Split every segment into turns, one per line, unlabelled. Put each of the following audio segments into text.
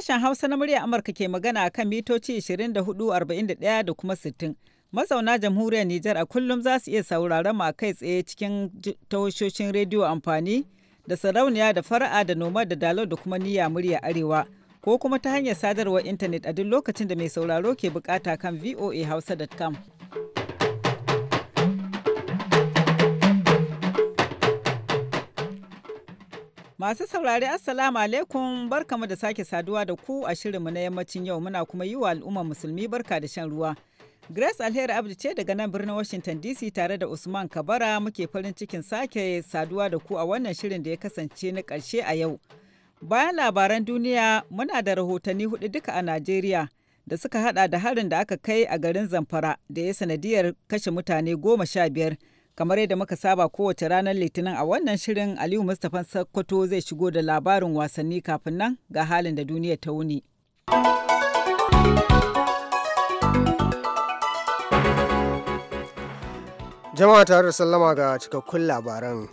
Sashen Hausa na murya Amurka ke magana kan mitoci 24,41 da kuma 60. Mazauna jamhuriyar Nijar a kullum za su iya sauraron mu a kai tsaye cikin tahoshoshin rediyo amfani da sarauniya da fara'a da noma da dalo da kuma niyya murya arewa ko kuma ta hanyar sadarwar intanet a duk lokacin da mai sauraro ke bukata kan voahausa.com. Masu saurari Assalamu alaikum barkamu da sake saduwa da ku a shirinmu na yammacin yau muna kuma yi wa al'umma musulmi barka da shan ruwa. Grace Alheri Abdu ce daga nan birnin Washington DC tare da Usman Kabara muke farin cikin sake saduwa da ku a wannan shirin da ya kasance na karshe a yau. Bayan labaran duniya muna da rahotanni hudu duka a Najeriya da suka hada da harin da aka kai a garin Zamfara da ya sanadiyar kashe mutane goma sha biyar kamar yadda muka saba kowace ranar litinin a wannan shirin aliyu mustapha sakkwato zai shigo da labarin wasanni kafin nan ga halin da duniya ta wuni
jama'a tare da sallama ga cikakkun labaran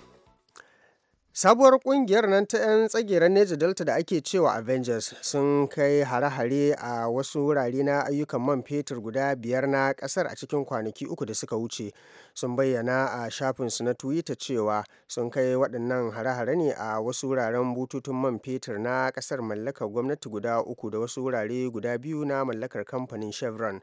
Sabuwar kungiyar nan ta 'yan tsageren Neja Delta da ake cewa Avengers sun kai hare-hare a wasu wurare na ayyukan man fetur guda biyar na kasar a cikin kwanaki uku da suka wuce. Sun bayyana a shafin su na Twitter cewa sun kai waɗannan hare-hare ne a wasu wuraren bututun man fetur na kasar mallakar gwamnati guda uku da wasu wurare guda biyu na mallakar kamfanin Chevron.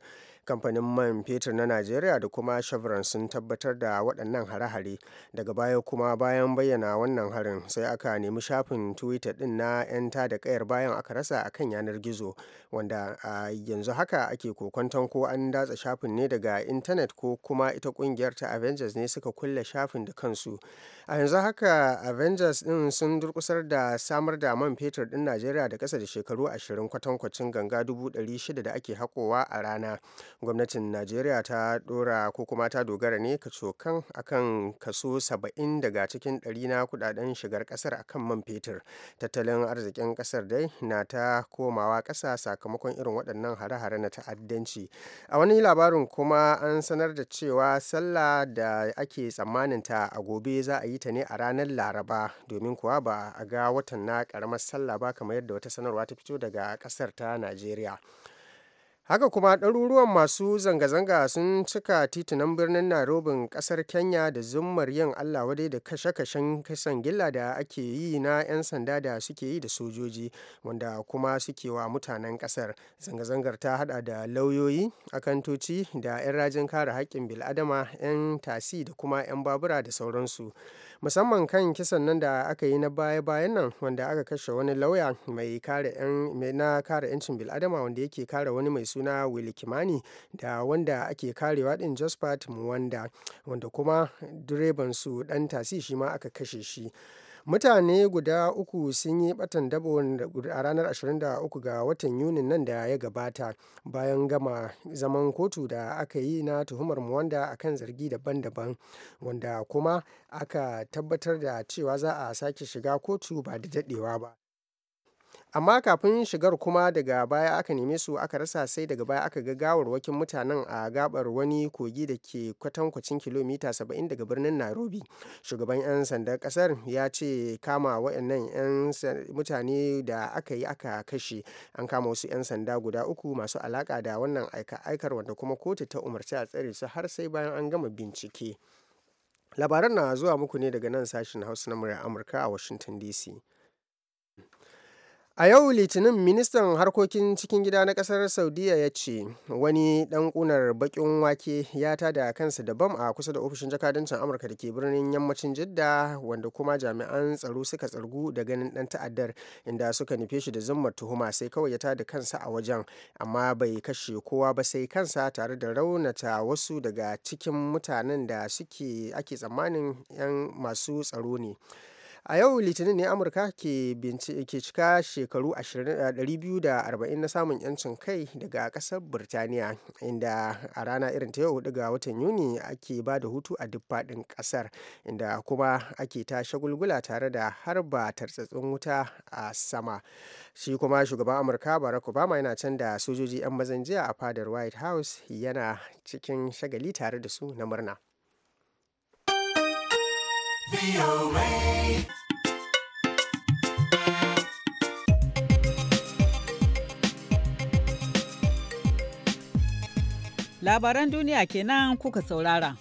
kamfanin man fetur na najeriya da kuma chevron sun tabbatar da waɗannan hare-hare daga baya kuma bayan bayyana wannan harin sai aka nemi shafin twitter din na 'yan ta da kayar bayan aka rasa a kan yanar gizo wanda a yanzu haka ake kokonton ko an datsa shafin ne daga intanet ko kuma ita kungiyar ta avengers ne suka kulle shafin da kansu a yanzu haka avengers din sun durkusar da samar da man fetur ɗin najeriya da ƙasa da shekaru ashirin kwatankwacin ganga dubu ɗari shida da ake hakowa a rana gwamnatin najeriya ta dora ko kuma ta dogara ne kacokan akan kaso 70 daga cikin ɗari na kudaden shigar kasar akan man fetur tattalin arzikin kasar dai na ta komawa kasa sakamakon irin waɗannan hare-hare na ta'addanci a wani labarin kuma an sanar da cewa sallah da ake tsammanin ta a gobe za a yi ta ne a ranar laraba domin kuwa ba a ga watan na karamar sallah ba kamar yadda wata sanarwa ta fito daga ƙasar ta najeriya haka kuma ɗaruruwan masu zanga-zanga sun cika titunan birnin narobin ƙasar kenya da zummar yin allah wadai da kashe-kashen kisan gilla da ake yi na 'yan sanda da suke yi da sojoji wanda kuma suke wa mutanen ƙasar zanga-zangar ta hada da lauyoyi akantoci da 'yan rajin kare haƙƙin bil'adama 'yan tasi da kuma 'yan babura da sauransu musamman kan kisan nan da aka yi na baya-bayan nan wanda aka kashe wani lauya mai kare na kare 'yancin bil'adama wanda yake kare wani mai suna willy kimani da wanda ake karewa din jospat muwanda wanda kuma direban su dan tasi shi ma aka kashe shi mutane guda uku sun yi batan dabo a ranar 23 ga watan yunin nan da ya gabata bayan gama zaman kotu da aka yi na tuhumar muwanda a kan zargi daban-daban wanda kuma aka tabbatar da cewa za a sake shiga kotu ba da dadewa ba amma kafin shigar kuma daga baya aka neme su aka rasa sai daga baya aka ga gawarwakin mutanen a gabar wani kogi da ke kwatankwacin kilomita 70 daga birnin nairobi shugaban 'yan sandan kasar ya ce kama waɗannan 'yan mutane da aka yi aka kashe an kama wasu 'yan sanda guda uku masu alaka da wannan aika-aikar wanda kuma kotu ta umarci a tsare su har sai bayan an gama bincike labaran na zuwa muku ne daga nan sashen hausa na murya amurka a washington dc A yau Litinin ministan harkokin cikin gida na kasar Saudiya ya ce wani dan kunar bakin wake ya tada kansa daban a kusa da ofishin jakadancin Amurka da ke birnin yammacin Jidda wanda kuma jami'an tsaro suka tsargu da ganin dan ta'addar inda suka nufe shi da zummar tuhuma sai kawai ya tada kansa a wajen amma bai kashe kowa ba sai kansa tare da raunata wasu daga cikin mutanen da suke ake tsammanin 'yan masu tsaro ne. a yau litinin ne amurka ke cika shekaru 240 na samun yancin kai daga kasar birtaniya inda a rana irin ta yau ga watan yuni ake ba da hutu a duk faɗin ƙasar inda kuma ake ta shagulgula tare da harba tartsatsin wuta a sama shi kuma shugaban amurka barack obama yana can da sojoji 'yan mazan jiya a fadar white house yana cikin shagali tare da su na murna
Labaran duniya kenan kuka saurara.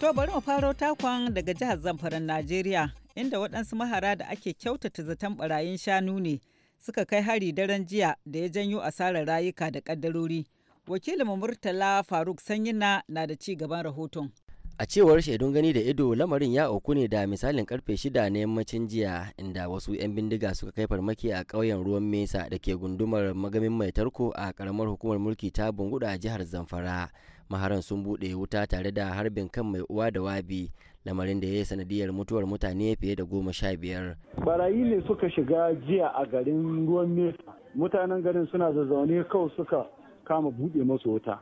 To bari mu faro takon daga jihar Zamfara Najeriya inda waɗansu mahara da ake kyautata zaton barayin shanu ne suka kai hari daren jiya da ya janyo asarar rayuka da kaddarori. Wakilin Murtala Faruk Sanyina na da ci gaban rahoton.
A cewar shaidun gani da ido lamarin ya auku ne da misalin karfe shida na yammacin jiya inda wasu 'yan bindiga suka kai farmaki a ƙauyen ruwan mesa da ke gundumar magamin mai tarko a karamar hukumar mulki ta bunguda a jihar Zamfara. Maharan sun buɗe wuta tare da harbin kan mai uwa da wabi lamarin da ya yi sanadiyar mutuwar mutane fiye da goma sha biyar.
barayi ne suka shiga jiya a garin ruwan mesa mutanen garin suna zazzaune kawai suka kama buɗe masu wuta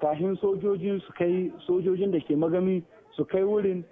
Tashin sojojin su kai sojojin da ke magami su kai wurin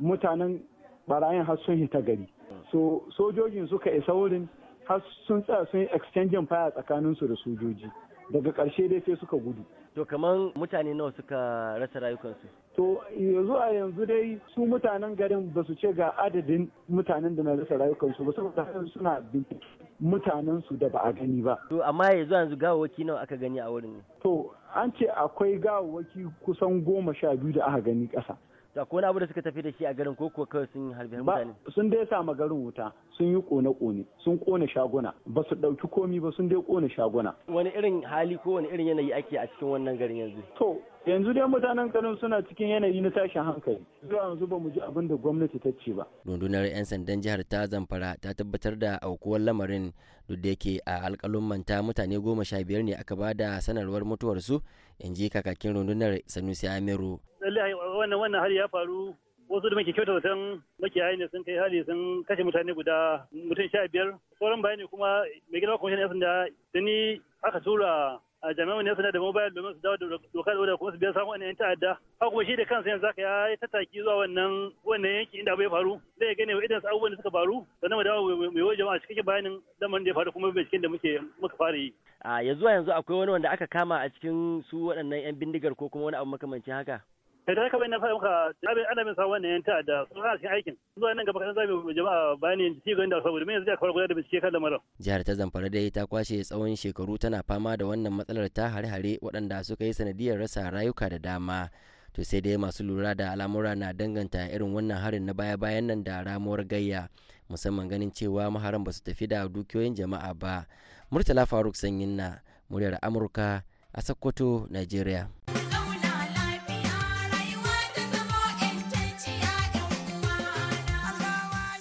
mutanen barayin har sun hita gari so sojojin suka isa wurin har sun tsaya sun yi exchanging fire tsakaninsu da sojoji daga ƙarshe dai sai suka gudu
to kamar mutane nawa suka rasa rayukansu
to yanzu a yanzu dai su mutanen garin ba su ce ga adadin mutanen da na rasa rayukansu ba saboda suna bincike mutanen su da ba a gani ba
to amma yanzu yanzu gawawaki nawa aka gani a wurin to
an ce akwai gawawaki kusan goma sha biyu da aka gani ƙasa
to akwai abu da suka tafi da shi a garin ko kawai sun harbi mutane
sun dai sama garin wuta sun yi kone kone sun kone shaguna ba su dauki komi ba sun dai kone shaguna
wani irin hali ko wani irin yanayi ake a cikin wannan garin yanzu to yanzu dai mutanen
garin suna cikin yanayi na tashin hankali zuwa yanzu ba mu ji abin da gwamnati ta ce ba
rundunar
'yan sandan jihar ta zamfara ta tabbatar da aukuwar lamarin duk da yake a alkalin manta mutane goma sha biyar ne aka ba da sanarwar mutuwarsu in ji kakakin rundunar sanusi
amiru
lallai wannan wannan hali ya faru wasu da muke kyauta zaton makiyayi ne sun kai hali sun kashe mutane guda mutum sha biyar sauran bayani kuma mai gina kwamishin yasin da tuni aka tura a jami'an ne suna da mobile domin su dawo da dokar da kuma su biyar samun wani 'yan adda haka kuma shi da kansa yanzu zaka ya tattaki zuwa wannan wannan yanki inda bai faru zai gane wa idan abubuwan da suka faru sannan mu dawo mai wajen jama'a cikin bayanin lamarin da ya faru kuma binciken da muke muka fara yi
a yanzu yanzu akwai wani wanda aka kama a cikin su waɗannan 'yan bindigar ko kuma wani abu makamancin
haka sai da kamar na faɗa maka abin ana bin sawan yan da sun hana cikin aikin zuwa nan gaba kan zamu jama'a bayani ci gaban da saboda me yanzu da kawar da bincike kan lamarin
jihar ta Zamfara dai ta kwashe tsawon shekaru tana fama da wannan matsalar ta hare-hare waɗanda suka yi sanadiyar rasa rayuka da dama to sai dai masu lura da al'amura na danganta irin wannan harin na baya-bayan nan da ramuwar gayya musamman ganin cewa maharan ba su tafi da dukiyoyin jama'a ba murtala faruk sanyin na muryar amurka a sokoto nigeria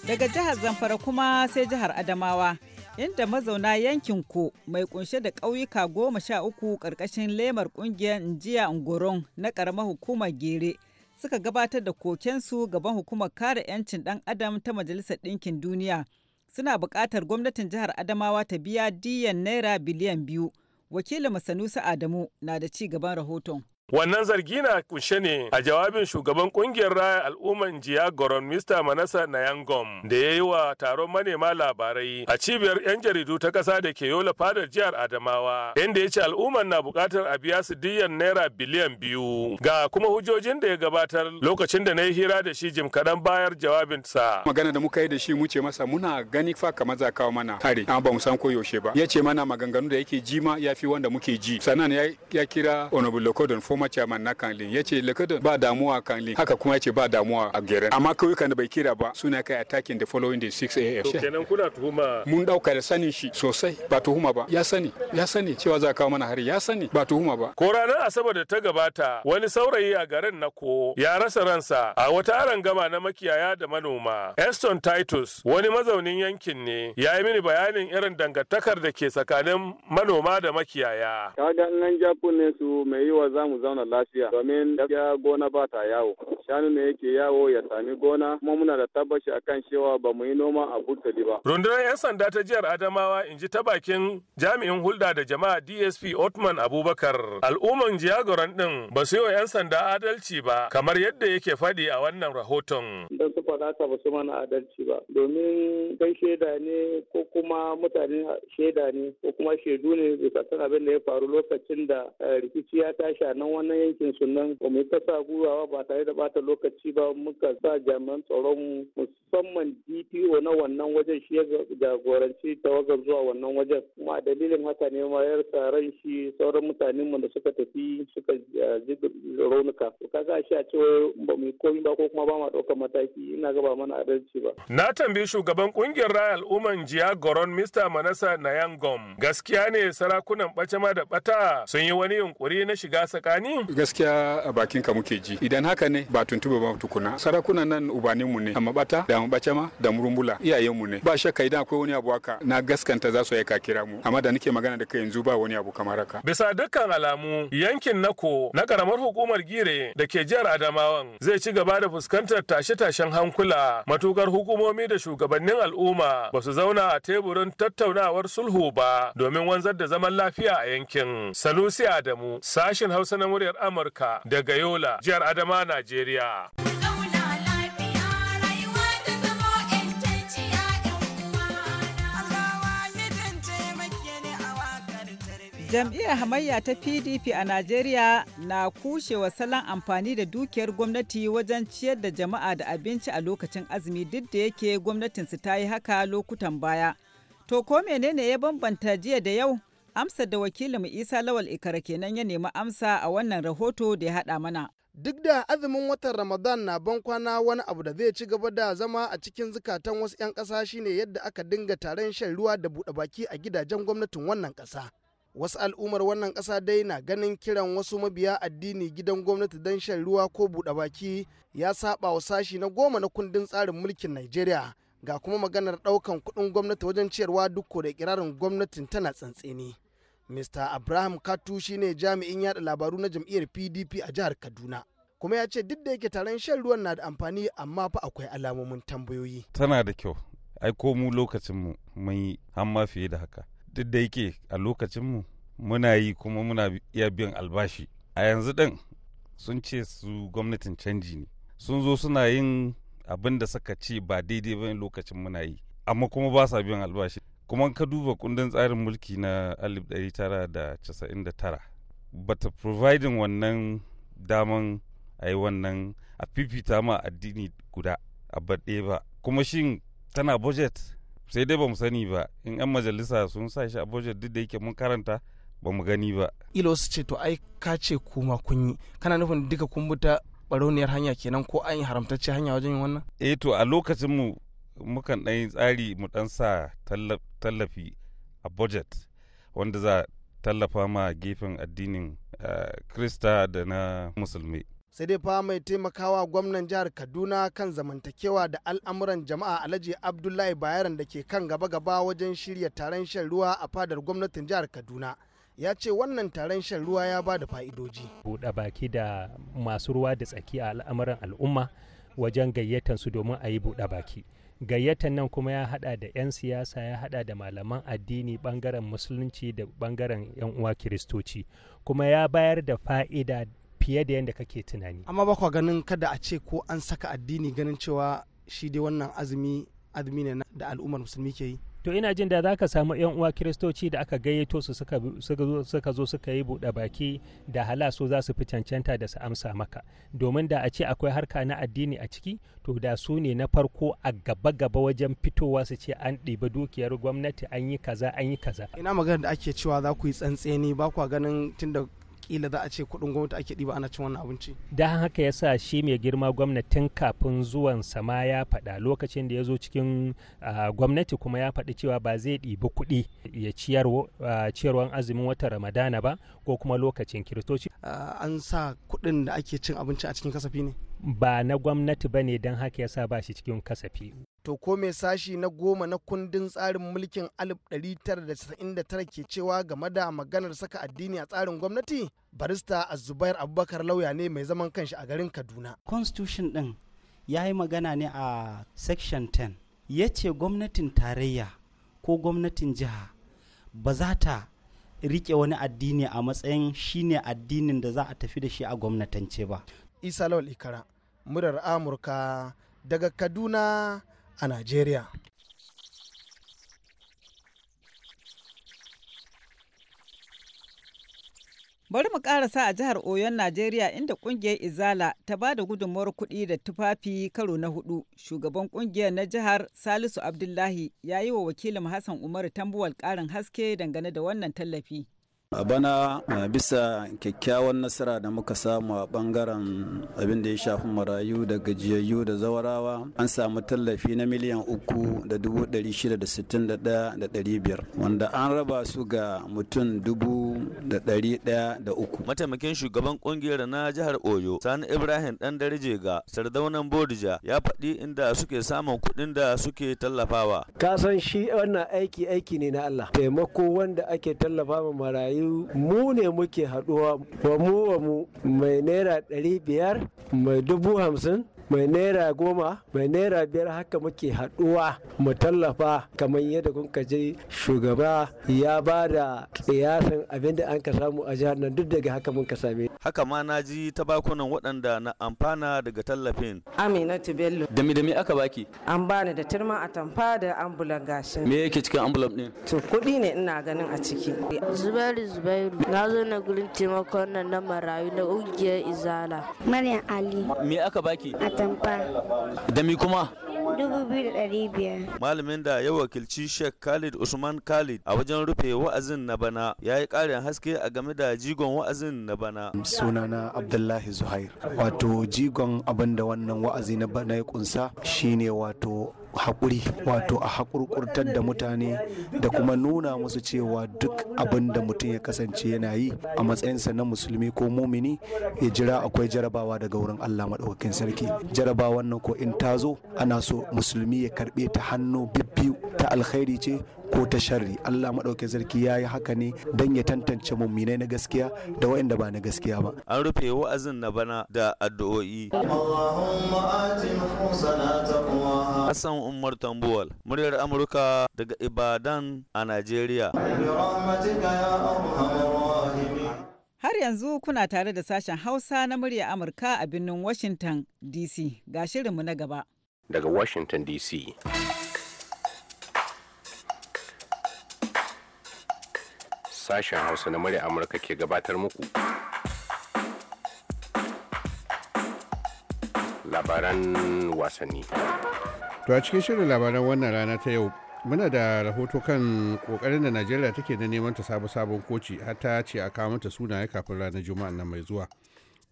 Daga jihar Zamfara kuma sai jihar Adamawa, inda mazauna yankin ku mai kunshe da ƙauyuka goma sha uku ƙarƙashin lemar ƙungiyar Njiya Ngoron na ƙaramar hukumar Gere suka gabatar da kokensu gaban hukumar kare 'yancin ɗan adam ta Majalisar Ɗinkin Duniya. Suna buƙatar gwamnatin jihar Adamawa ta biya diyan naira biliyan biyu. Wakilin masanusa Adamu na da ci gaban rahoton.
Wannan zargi na kunshe ne a jawabin shugaban kungiyar raya al'umman jiya Goron Mr. Manasa Nayangom da ya yi wa taron manema labarai a cibiyar 'yan jaridu ta ƙasa da ke yola fadar jihar Adamawa inda ya ce al'umman na buƙatar a biya su diyan naira biliyan biyu ga kuma hujjojin da ya gabatar lokacin da na yi hira da shi jim kaɗan bayar jawabinsa. Magana da
muka yi da shi mu ce masa muna gani fa kamar za kawo mana Hari, amma ba mu san ko yaushe ba ya ce mana maganganu da yake ji ma ya fi wanda muke ji sannan ya kira Honorable kuma chairman na kanlin ya ce lakadin ba damuwa kanlin haka kuma ya ce ba damuwa a geren amma kauyukan da bai kira ba suna kai attacking the following day 6 a.m. to kenan
kuna tuhuma mun
dauka da sanin shi sosai ba tuhuma ba ya sani ya sani cewa za kawo mana hari ya sani ba tuhuma ba ko ranar
asabar da ta gabata wani saurayi a garin na ko ya rasa ransa a wata arangama na makiyaya da manoma Eston Titus wani mazaunin yankin ne ya yi mini bayanin irin dangantakar da ke tsakanin manoma da makiyaya
kaga nan japo ne su mai yiwa zamu zauna lafiya domin gaskiya gona ba ta yawo shanu ne yake yawo ya sami gona kuma muna da tabbaci akan cewa ba mu yi noma a burtali ba
rundunar 'yan sanda ta jihar adamawa in ji ta bakin jami'in hulɗa da jama'a dsp otman abubakar al'umman jiyagoran din ba su yi wa 'yan sanda adalci ba kamar yadda yake faɗi a wannan rahoton don su faɗa ba su mana adalci
ba domin kai shaida ne ko kuma mutane shaida ne ko kuma shaidu ne bisa kan abin da ya faru lokacin da eh, rikici ya tashi a nan wannan yankin sunan ba mu ta sa gurawa ba tare da bata lokaci ba muka sa jami'an tsaron musamman DPO na wannan wajen shi ya jagoranci tawagar zuwa wannan wajen kuma a dalilin haka ne ma yar ran shi sauran mutanen mu da suka tafi suka eh, ji raunuka to kaga shi a cewa ba mu komi ba ko kuma ba ma ɗaukar mataki ina gaba ba mana adalci ba
na tambayi shugaban kungiyar raya al'umman jiya goron Mr. Manasa Nayangom gaskiya ne sarakunan bacema da bata sun yi wani yunkuri na shiga tsakani
gaskiya a bakin ka muke ji idan haka ne ba tuntuba ba tukuna sarakunan nan ubanin mu ne amma bata da mabace ma da murumbula iyayen mu ne ba shakka idan akwai wani abu haka na gaskanta za su aika kira mu amma da nake magana da kai yanzu ba wani abu kamar haka
bisa dukkan alamu yankin nako na karamar hukumar gire da ke jihar adamawan zai ci gaba da fuskantar tashe-tashen hankula matukar hukumomi da shugabannin al'umma ba su zauna a teburin tattaunawar sulhu ba domin wanzar da zaman lafiya a yankin sanusi adamu sashin hausa na muryar Amurka daga Yola, jihar Adama, Najeriya.
jam'iyyar hamayya ta pdp a najeriya na kushewa salon amfani da dukiyar gwamnati wajen ciyar da jama'a da abinci a lokacin azumi duk da yake gwamnatinsu ta yi haka lokutan baya to ko menene ya bambanta jiya da yau Amsar da wakilin Isa Lawal Ikara kenan ya nemi amsa a wannan rahoto da ya haɗa mana.
Duk da azumin watan Ramadan na ban kwana wani abu da zai ci gaba da zama a cikin zukatan wasu 'yan ƙasa shine yadda aka dinga taron shan ruwa da buɗe baki a gidajen gwamnatin wannan ƙasa. Wasu al'ummar wannan ƙasa dai na ganin kiran wasu mabiya addini gidan gwamnati don shan ruwa ko buɗe baki ya saba wa sashi na goma na kundin tsarin mulkin Najeriya. ga kuma maganar ɗaukan kuɗin gwamnati wajen ciyarwa duk da kirarin gwamnatin tana tsantseni. Mr. Abraham Katu shine jami'in yada labaru na jam'iyyar PDP a jihar Kaduna. Kuma ya ce duk da yake taron shan ruwan na da amfani amma fa akwai alamomin tambayoyi.
Tana da kyau, ai ko mu lokacin mu mun yi hamma fiye da haka. Duk da yake a lokacin mu muna yi kuma muna iya biyan albashi. A yanzu din sun ce su gwamnatin canji ne. Sun zo suna yin abin da suka ce ba daidai ba lokacin muna yi amma kuma ba sa biyan albashi kuma ka duba kundin tsarin mulki na 1999 bata providing wannan daman a yi wannan a fifita ma addini guda a baɗe ba kuma shin tana budget sai dai ba mu sani ba in 'yan majalisa sun sa shi a budget duk da yake mun karanta ba mu gani ba
ilo su ce to ai ka ce kuma kun yi kana nufin duka kun barauniyar hanya kenan ko an yi haramtacce hanya wajen yin wannan
eh to a lokacin mu mukan ɗan yi tsari mu ɗan sa tallafi a budget wanda za tallafa ma gefen addinin eh, krista da na musulmi
sai dai fa mai taimakawa gwamnan jihar kaduna kan zamantakewa da al'amuran jama'a alhaji abdullahi bayaran da ke kan gaba-gaba wajen shirya taron shan ruwa a fadar gwamnatin jihar kaduna ya ce wannan taron shan ruwa ya ba da fa'idoji.
Buɗe baki da masu ruwa da tsaki a al'amuran al'umma wajen gayyatan su domin a yi buɗe baki. Gayyatan nan kuma ya haɗa da 'yan siyasa ya haɗa da malaman addini ɓangaren musulunci da ɓangaren 'yan uwa kiristoci kuma ya bayar da fa'ida fiye da yadda kake tunani.
Amma ba ganin kada a ce ko
an saka addini ganin cewa shi dai wannan azumi
azumi ne da al'ummar musulmi ke yi.
to ina jin da za ka samu yan uwa kiristoci da aka gayyato su suka zo suka yi buɗe baki da halaso za su fi cancanta da su amsa maka domin da a ce akwai harka na addini a ciki to da su ne na farko a gaba gaba wajen fitowa su ce an ɗiba dukiyar gwamnati an yi kaza an yi kaza ina magana da ake cewa
za ku yi tsantseni ba kwa ganin tunda kila za a ce kuɗin gwamnati ake ɗiba ana cin wannan abinci
dan haka yasa shi mai girma gwamnatin kafin zuwan sama ya faɗa lokacin da ya zo cikin gwamnati kuma ya faɗi cewa ba zai ɗibi kuɗi ya ciyarwan azumin wata ramadana ba ko kuma lokacin kiristoci an sa kuɗin da ake cin abinci a cikin kasafi ne ba na gwamnati ba ne don haka yasa ba shi cikin kasafi To ko mai
sashi na goma na kundin tsarin mulkin 1999 ke cewa game da maganar saka addini a tsarin gwamnati? Barista Azubair Abubakar lauya ne mai zaman kanshi a garin Kaduna. Constitution ɗin ya yi magana ne a section 10 ya ce gwamnatin tarayya ko gwamnatin jiha ba za ta rike wani addini a matsayin shine addinin da za a tafi da shi a gwamnatance ba. Isa Lawal Ikara, murar Amurka daga Kaduna a Najeriya.
Bari mu karasa a jihar Oyon Najeriya inda kungiyar Izala ta ba da gudunmawar kuɗi da tufafi karo na hudu. Shugaban kungiyar na jihar Salisu Abdullahi ya yi wa wakilin Hassan Umaru tambuwal ƙarin haske dangane da wannan tallafi.
a bana bisa kyakkyawan nasara da muka samu a bangaren abin da ya shafi marayu da gajiyayyu da zawarawa an samu tallafi na miliyan uku da dubu ɗari shida da sittin da ɗaya da ɗari biyar wanda an raba su ga mutum dubu da ɗari ɗaya da uku. mataimakin shugaban kungiyar na jihar oyo sani
ibrahim dan darije ga sardaunan bodija ya faɗi inda suke samun kuɗin da suke tallafawa.
ka san shi wannan aiki aiki ne na allah taimako wanda ake tallafa marayu yi mu ne muke haduwa wa mu wa mu mai naira ɗari biyar mai dubu hamsin mai naira goma mai naira biyar haka muke haɗuwa mu tallafa kamar yadda kun je shugaba ya ba da kiyasin abin da an ka samu a jihar nan duk daga haka mun ka same
haka ma na ji ta bakunan waɗanda na amfana daga tallafin aminatu bello dami dami aka baki
an bani da turma atamfa da ambulan gashin me
yake cikin ambulan din
to kuɗi ne ina ganin a ciki zubairu zubairu na zo na gurin taimakon nan na marayu na ƙungiyar izala
maryam
ali me aka baki tamfa. da mi kuma Malamin da ya wakilci Sheikh Khalid Usman Khalid a wajen rufe wa'azin na bana ya yi ƙarin haske a game da jigon wa'azin na bana.
Sunana Abdullahi Zuhair. Wato jigon abin wannan wa'azi na bana ya kunsa shine wato haƙuri wato a haƙurƙurtar da mutane da kuma nuna musu cewa duk abin da mutum ya kasance yana yi a matsayinsa na musulmi ko mumini ya jira akwai jarabawa daga wurin Allah maɗaukakin sarki jarabawan nan ko in ta zo ana so musulmi ya karɓe ta hannu bibbiyu ta alkhairi ce ko ta sharri Allah maɗauke sarki ya yi haka ne don ya tantance mumminai na gaskiya da wa'inda ba na gaskiya ba
an rufe wa'azin na bana da addu'o'i Hassan Hassan Umar Tambuwal, muryar Amurka daga Ibadan a Najeriya.
Har yanzu kuna tare da sashen Hausa na murya Amurka a birnin Washington DC ga shirinmu na gaba.
Daga Washington DC. Sashen Hausa na murya Amurka ke gabatar muku. Labaran wasanni. To a cikin shirin labaran wannan rana ta yau muna da rahoto kan kokarin da Najeriya take na neman ta sabu sabon koci har ta ce a kawo mata sunaye kafin ranar Juma'a nan mai zuwa.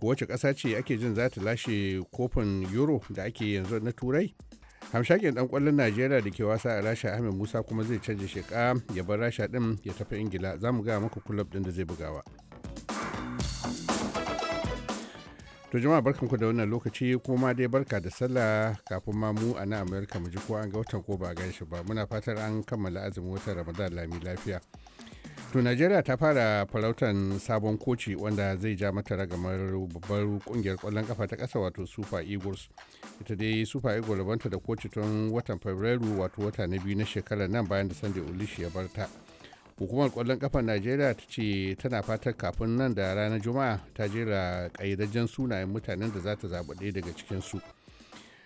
wace kasa ce ake jin za ta lashe kofin Euro da ake yanzu na Turai? Hamshakin dan kwallon Najeriya da ke wasa a Rasha Ahmed Musa kuma zai canza sheka ya bar Rasha din ya tafi Ingila za mu gaya muku kulab din da zai bugawa. to jama'a barkanku da wannan lokaci kuma dai barka da sallah kafin ma mu a nan amerika mu ji ko an ga watan ko ba gan shi ba muna fatar an kammala azumin watan ramadan lami lafiya to najeriya ta fara farautan sabon koci wanda zai ja mata ragamar babbar kungiyar kwallon kafa ta kasa wato super eagles ita dai super eagles banta da koci tun watan fabrairu wato wata na biyu na shekarar nan bayan da sunday olishi ya bar ta hukumar kwallon kafar najeriya ta ce tana fatar kafin nan da ranar juma'a ta jera ƙayyadajjen sunayen mutanen da za ta zaɓi ɗaya daga cikinsu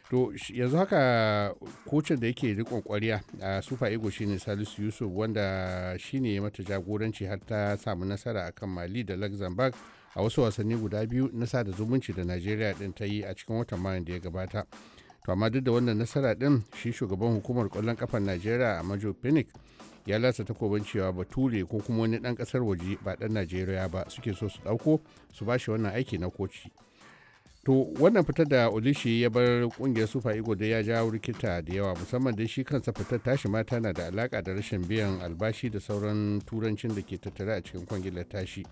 to yanzu haka kocin da yake rikon kwariya a sufa ego shine salisu yusuf wanda shine mata jagoranci har ta samu nasara akan mali da luxembourg a wasu wasanni guda biyu na sada zumunci da najeriya din ta yi a cikin watan mayan da ya gabata to amma duk da wannan nasara din shi shugaban hukumar kwallon kafar najeriya a majo phoenix ya lasa takobin cewa ba ture ko kuma wani dan kasar waje ba dan najeriya ba suke so su dauko su bashi wannan aiki na koci to wannan fitar da olishi ya bar kungiyar sufa igo da ya jawo rikita da yawa musamman da shi kansa fitar tashi mata na da alaka da rashin biyan albashi da sauran turancin da ke tattare a cikin kwangilar tashi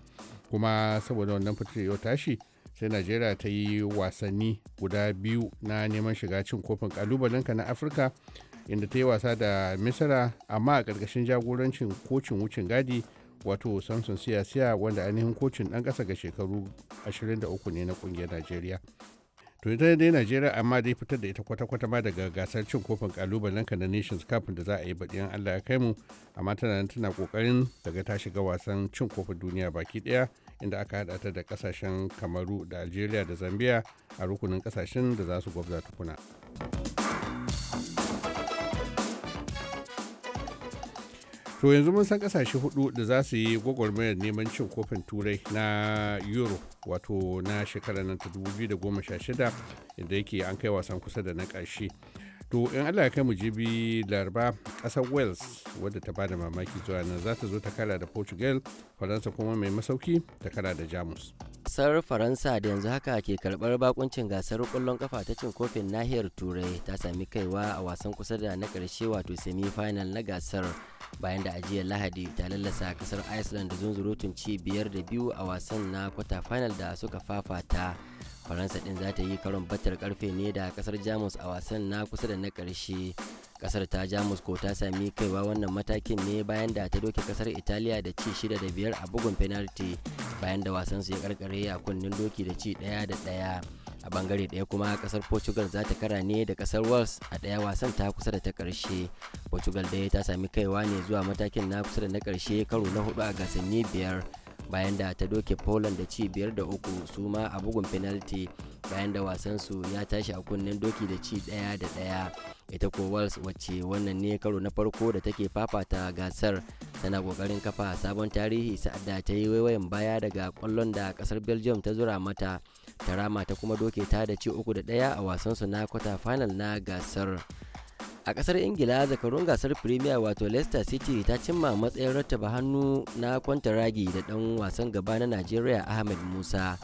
kuma saboda wannan fitar yau tashi sai najeriya ta yi wasanni guda biyu na neman shiga cin kofin kalubalenka na afirka inda ta yi wasa da misira amma a ƙarƙashin jagorancin kocin wucin gadi wato samson siyasiya wanda ainihin kocin ɗan ƙasa ga shekaru 23 ne na ƙungiyar najeriya to ita dai najeriya amma dai fitar da ita kwata-kwata ma daga gasar cin kofin kalubalen ka na nations cup da za a yi baɗin allah ya kai mu amma tana tana ƙoƙarin daga ta shiga wasan cin kofin duniya baki ɗaya inda aka haɗa ta da ƙasashen kamaru da algeria da zambia a rukunin ƙasashen da za su gwabza tukuna. to yanzu mun san kasashe hudu da za su yi gwagwarmayar neman cin kofin turai na euro wato na shekarar nan ta 2016 inda yake an kai wasan kusa da na ƙarshe to in allah ya kai mu jibi laraba ƙasar wales wadda ta bada mamaki zuwa nan za ta zo ta kara da portugal faransa kuma mai masauki ta kara da jamus sar faransa da yanzu haka ke karbar
bakuncin gasar kwallon kafa ta cin kofin nahiyar turai ta sami kaiwa a wasan kusa da na karshe wato semi final na gasar bayan da ajiyar lahadi ta lallasa kasar iceland da zunzurutun ci biyar da biyu a wasan na kwata final da suka fafata faransa din za ta yi karon batar karfe ne da kasar jamus a wasan na kusa da na karshe kasar ta jamus ko ta sami kaiwa wannan matakin ne bayan da ta doke kasar italiya da ci shida da biyar a bugun penalty bayan da wasan su ya karkare a kunnen doki da ci daya da daya a bangare daya kuma kasar portugal za ta kara ne da kasar wales a daya wasan ta kusa da ta karshe portugal dai ta sami kaiwa ne zuwa matakin na kusa da na karshe karo na hudu a gasanni biyar bayan da ta doke poland da ci biyar da uku su ma a bugun penalty bayan da wasansu ya tashi a kunnen doki da ci daya da daya ita ko wals wacce wannan ne karo na farko da take fafata gasar tana kokarin kafa sabon tarihi sa'ad da ta yi waiwayen baya daga kwallon da kasar belgium ta zura mata ta rama ta kuma doke ta da ci uku da daya a wasansu na kwata final na gasar a kasar ingila zakarun gasar premier wato leicester city ta cimma matsayin rattaba hannu na ragi da dan wasan gaba na nigeria ahmed musa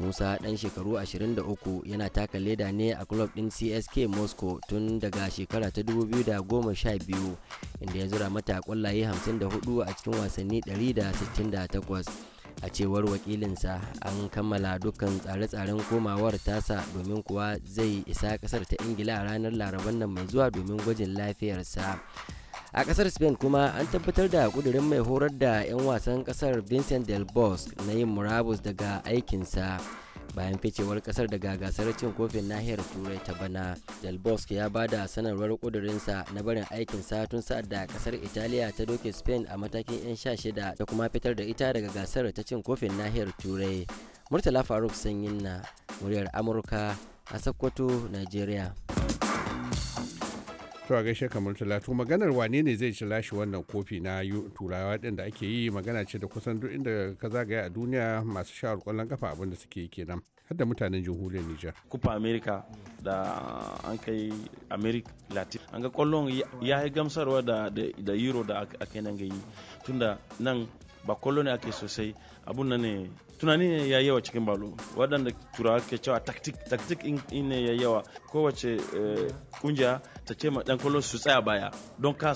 musa dan shekaru 23 yana taka leda ne a club din csk moscow tun daga shekara ta 2012 inda ya zura mata kwallaye 54 a cikin wasanni 168 a cewar wakilinsa an kammala dukkan tsare-tsaren komawar tasa domin kuwa zai isa kasar ta ingila a ranar laraban nan mai zuwa domin gwajin lafiyarsa a kasar spain kuma an tabbatar da kudirin mai horar da 'yan wasan kasar vincent del bosque na yin murabus daga aikinsa. bayan ficewar kasar daga gasar cin kofin nahiyar turai ta bana del ya ba da sanarwar kudurinsa na barin aikin sa tun sa'ad da kasar italiya ta doke spain a matakin 'yan sha shida ta kuma fitar da ita daga gasar ta cin kofin nahiyar turai murtala faruk sanyin na muryar
amurka a sakkwato nigeria to a gaishe kamar talatu maganar wane ne zai ci lashe wannan kofi na turawa din da ake yi magana ce da kusan duk inda ka zagaya a duniya masu shawar kwallon kafa abinda suke yi kenan har da mutanen jamhuriyar Nijar. Kufa Amerika da an kai America Latin an ga kwallon
ya yi gamsarwa da Euro da ake nan ga yi tunda nan ba kwallo ne ake sosai abun nan ne tunani ne ya yawa cikin balo waɗanda turawa ke cewa taktik taktik in ne ya yawa kowace eh, kungiya ta ce ma ɗan kwallon su tsaya baya don ka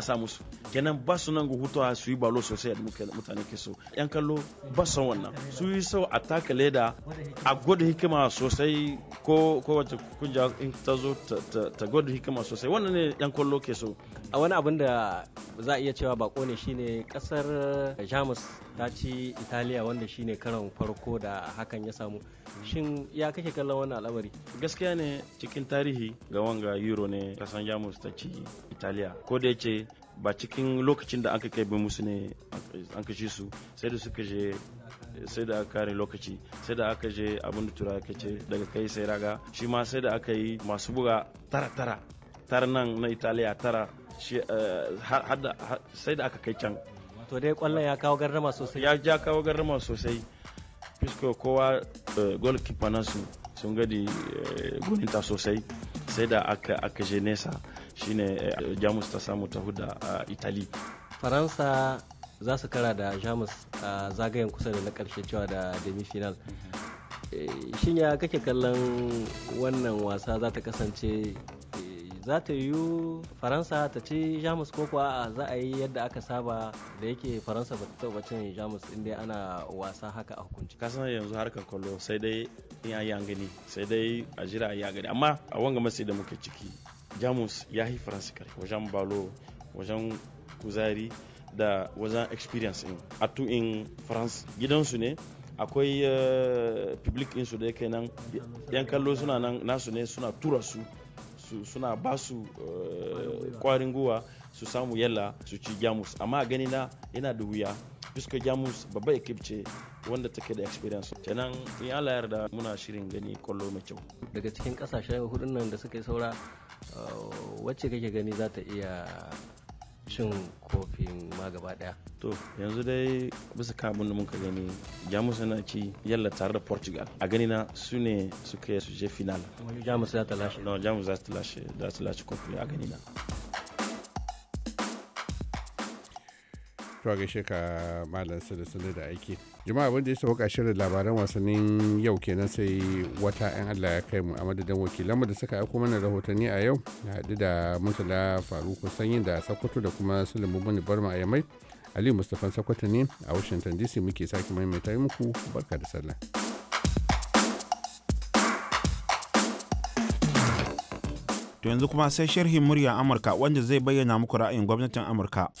sa musu kenan ba su nan hutu su yi balo sosai da mutane ke so yan kallo ba su wannan su yi sau a taka leda a gwada hikima sosai ko kowace kungiya in ta zo ta gwada hikima sosai wannan ne yan kwallo ke so a wani abin da za a iya cewa bako ne shine kasar jamus ta ci italiya wanda shi shine karan farko da hakan ya samu shin ya kake kallon wannan al'amari gaskiya ne cikin tarihi ga wanga euro ne kasan jamus ta ci italiya ko da yake ba cikin lokacin da aka kai musu ne an kashe su sai da suka je sai da aka kare lokaci sai da aka je abin da tura aka ce daga kai sai raga shi ma sai da aka yi masu buga tara tara tara nan na italiya tara eh, sai da aka kai can to dai kwallon ya kawo garrama sosai ya ja kawo garrama sosai fisko kowa eh, gol nasu sun gadi eh, guninta sosai sai da aka je nesa shine eh, jamus ta samu ta huda a italy faransa za su kara da jamus a zagayen kusa da na karshe cewa da demi final mhm. shin ya kake kallon wannan wasa za ta kasance za ta yiwu faransa ta ci jamus ko kuwa za a yi yadda aka saba da yake faransa ba ta taba cin jamus inda ana wasa haka a hukunci kasan yanzu harkar kwallo sai dai in an yi an gani sai dai a jira a yi gani amma a wanga masu da muke ciki jamus ya yi faransa kare wajen balo wajen kuzari da wajen experience in atu in france gidansu ne akwai eh, public insu da yake nan yan kallo suna nan nasu ne suna tura su suna ba su kwarin eh, guwa su samu yalla su ci jamus amma gani na yana da wuya fuska jamus babba ekip ce wanda take da experience kenan in Allah yarda muna shirin gani kwallo mai kyau daga cikin kasashen hudun nan da suka yi saura eh, wacce kake gani za ta iya cin kofin ma gaba daya to yanzu dai bisa kabin da muka gani jamus yana ci yalla tare da portugal a gani na su ne suka yi su je final jamus za ta lashe no jamus za ta lashe za ta lashe kofi a gani na
to gaishe ka malam sanar da aiki jama'a da ya sauka shirin labaran wasannin yau kenan sai wata 'yan allah ya kai mu a madadin wakilanmu da suka aiko mana rahotanni a yau na haɗu da murtala faruku sanyi da sakkwato da kuma sulimu bani barma a yamai aliyu mustapha sakkwato ne a washington dc muke sake maimaita muku barka da sallah
to yanzu kuma sai sharhin murya amurka wanda zai bayyana muku ra'ayin gwamnatin amurka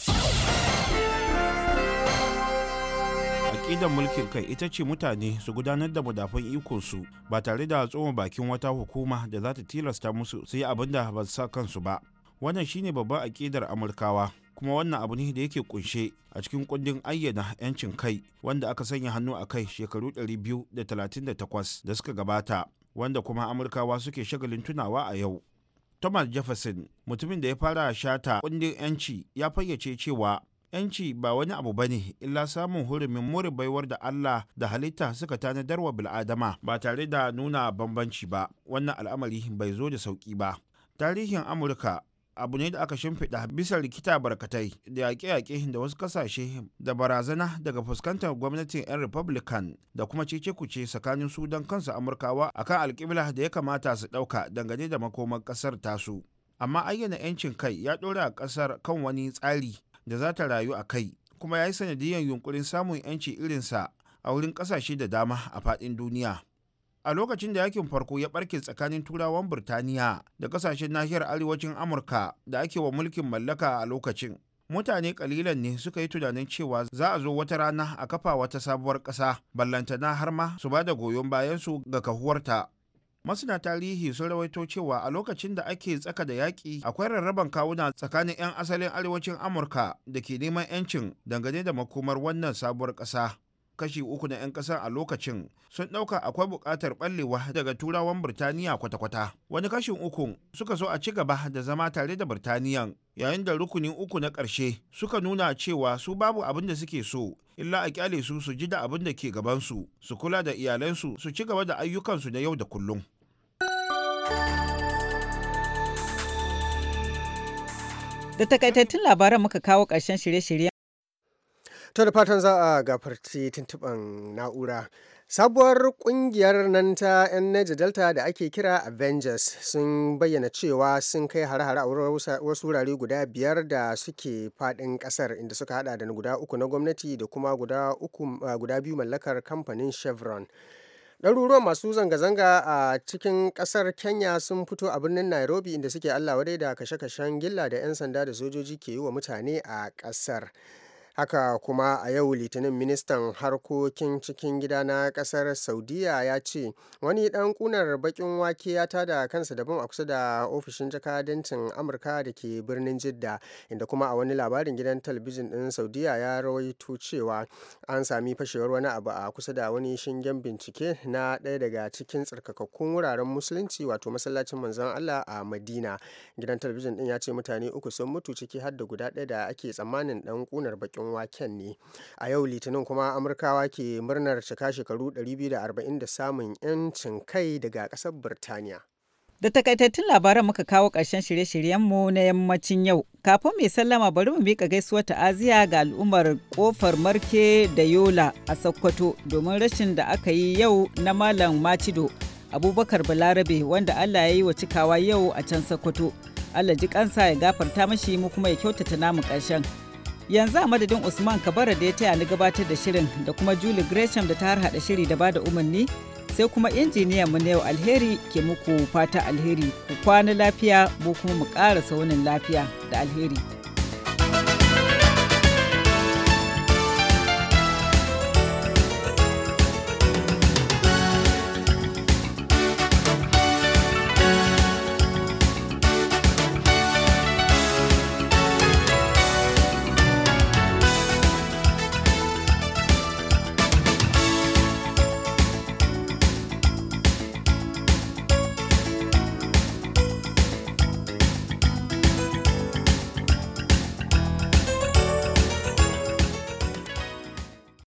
aƙidar mulkin kai ita ce mutane su gudanar da madafan ikonsu ba tare da tsoma bakin wata hukuma da za ta tilasta musu su yi abin da ba sa kansu ba wannan shine babban aƙidar amurkawa kuma wannan abu ne da yake kunshe a cikin kundin ayyana 'yancin kai wanda aka sanya hannu a kai shekaru 238 da suka gabata wanda kuma amurkawa suke shagalin tunawa a yau thomas jefferson mutumin da ya fara shata kundin 'yanci ya fayyace cewa yanci ba wani abu bane illa samun hurumin more baiwar da Allah da halitta suka tanadar wa bil'adama ba tare da nuna bambanci ba wannan al'amari bai zo da sauki ba tarihin amurka abu ne da aka shimfiɗa bisa rikita barkatai da yaƙe-yaƙe da wasu ƙasashe da barazana daga fuskantar gwamnatin 'yan republican da kuma cece-kuce tsakanin su don kansu amurkawa akan alƙibla da ya kamata su ɗauka dangane da makomar ƙasar tasu amma ayyana 'yancin kai ya ɗora ƙasar kan wani tsari da za ta rayu a kai kuma ya yi sanadiyar yunkurin samun 'yanci irinsa a wurin ƙasashe da dama a faɗin duniya. a lokacin da yakin farko ya ɓarke tsakanin turawan Birtaniya da ƙasashen nahiyar arewacin Amurka da ake wa mulkin mallaka a lokacin. Mutane kalilan ne suka yi tunanin cewa za a zo wata rana a kafa wata sabuwar ƙasa, ballantana har ma su ba da goyon bayansu ga kahuwarta. masana tarihi sun rawaito cewa a lokacin da ake tsaka da yaƙi akwai rarraban kawuna tsakanin 'yan asalin arewacin amurka da ke neman 'yancin dangane da makomar wannan sabuwar ƙasa kashi uku na 'yan ƙasa a lokacin sun ɗauka akwai buƙatar ɓallewa daga turawan birtaniya kwata-kwata wani kashin uku suka so a ci gaba da zama tare da birtaniyan yayin da rukunin uku na ƙarshe suka nuna cewa su babu abin da suke so illa a kyale su su ji da abin da ke gabansu su kula da iyalansu su ci gaba da ayyukansu na yau da kullum
Da takaitattun labaran muka kawo ƙarshen shirye-shiryen
To da fatan za a gafarci tuntuban na'ura. Sabuwar kungiyar nan ta 'yan Niger Delta da ake kira Avengers sun bayyana cewa sun kai hare-hare a wasu wurare guda biyar da suke fadin kasar inda suka hada da guda uku na gwamnati da kuma guda biyu mallakar kamfanin Chevron. ɗaruruwan masu zanga-zanga a cikin ƙasar kenya sun fito a birnin nairobi inda suke allah wadai da kashe-kashen gilla da 'yan sanda da sojoji ke yi wa mutane a ƙasar haka kuma a yau litinin ministan harkokin cikin gida na kasar saudiya ya ce wani dan kunar bakin wake ya tada kansa daban a kusa da ofishin jakadancin amurka da ke birnin jidda inda kuma a wani labarin gidan talabijin din saudiya ya rawaito cewa an sami fashewar wani abu a kusa da wani shingen bincike na ɗaya daga cikin tsarkakakkun wuraren musulunci wato masallacin manzon allah a madina gidan talabijin din ya ce mutane uku sun mutu ciki har da guda ɗaya da ake tsammanin dan kunar bakin waken ne a yau litinin kuma amurkawa ke murnar cika shekaru 240 da samun 'yancin kai daga ƙasar birtaniya
Da takaitattun labaran muka kawo ƙarshen shirye-shiryenmu na yammacin yau. Kafin mai sallama bari mu miƙa gaisuwar ta'aziya ga al'ummar kofar Marke da Yola a Sokoto domin rashin da aka yi yau na Malam Macido Abubakar Balarabe wanda Allah ya yi wa cikawa yau a can Sokoto. Allah ji kansa ya gafarta mashi mu kuma ya kyautata namu karshen. yanzu a madadin usman kabara da ya taya ni gabatar da shirin da kuma julie gresham da ta harhaɗa shiri da bada umarni sai kuma injiniya mu na yau alheri ke muku fata alheri ku kwana lafiya mu kuma mu ƙara saunin lafiya da alheri.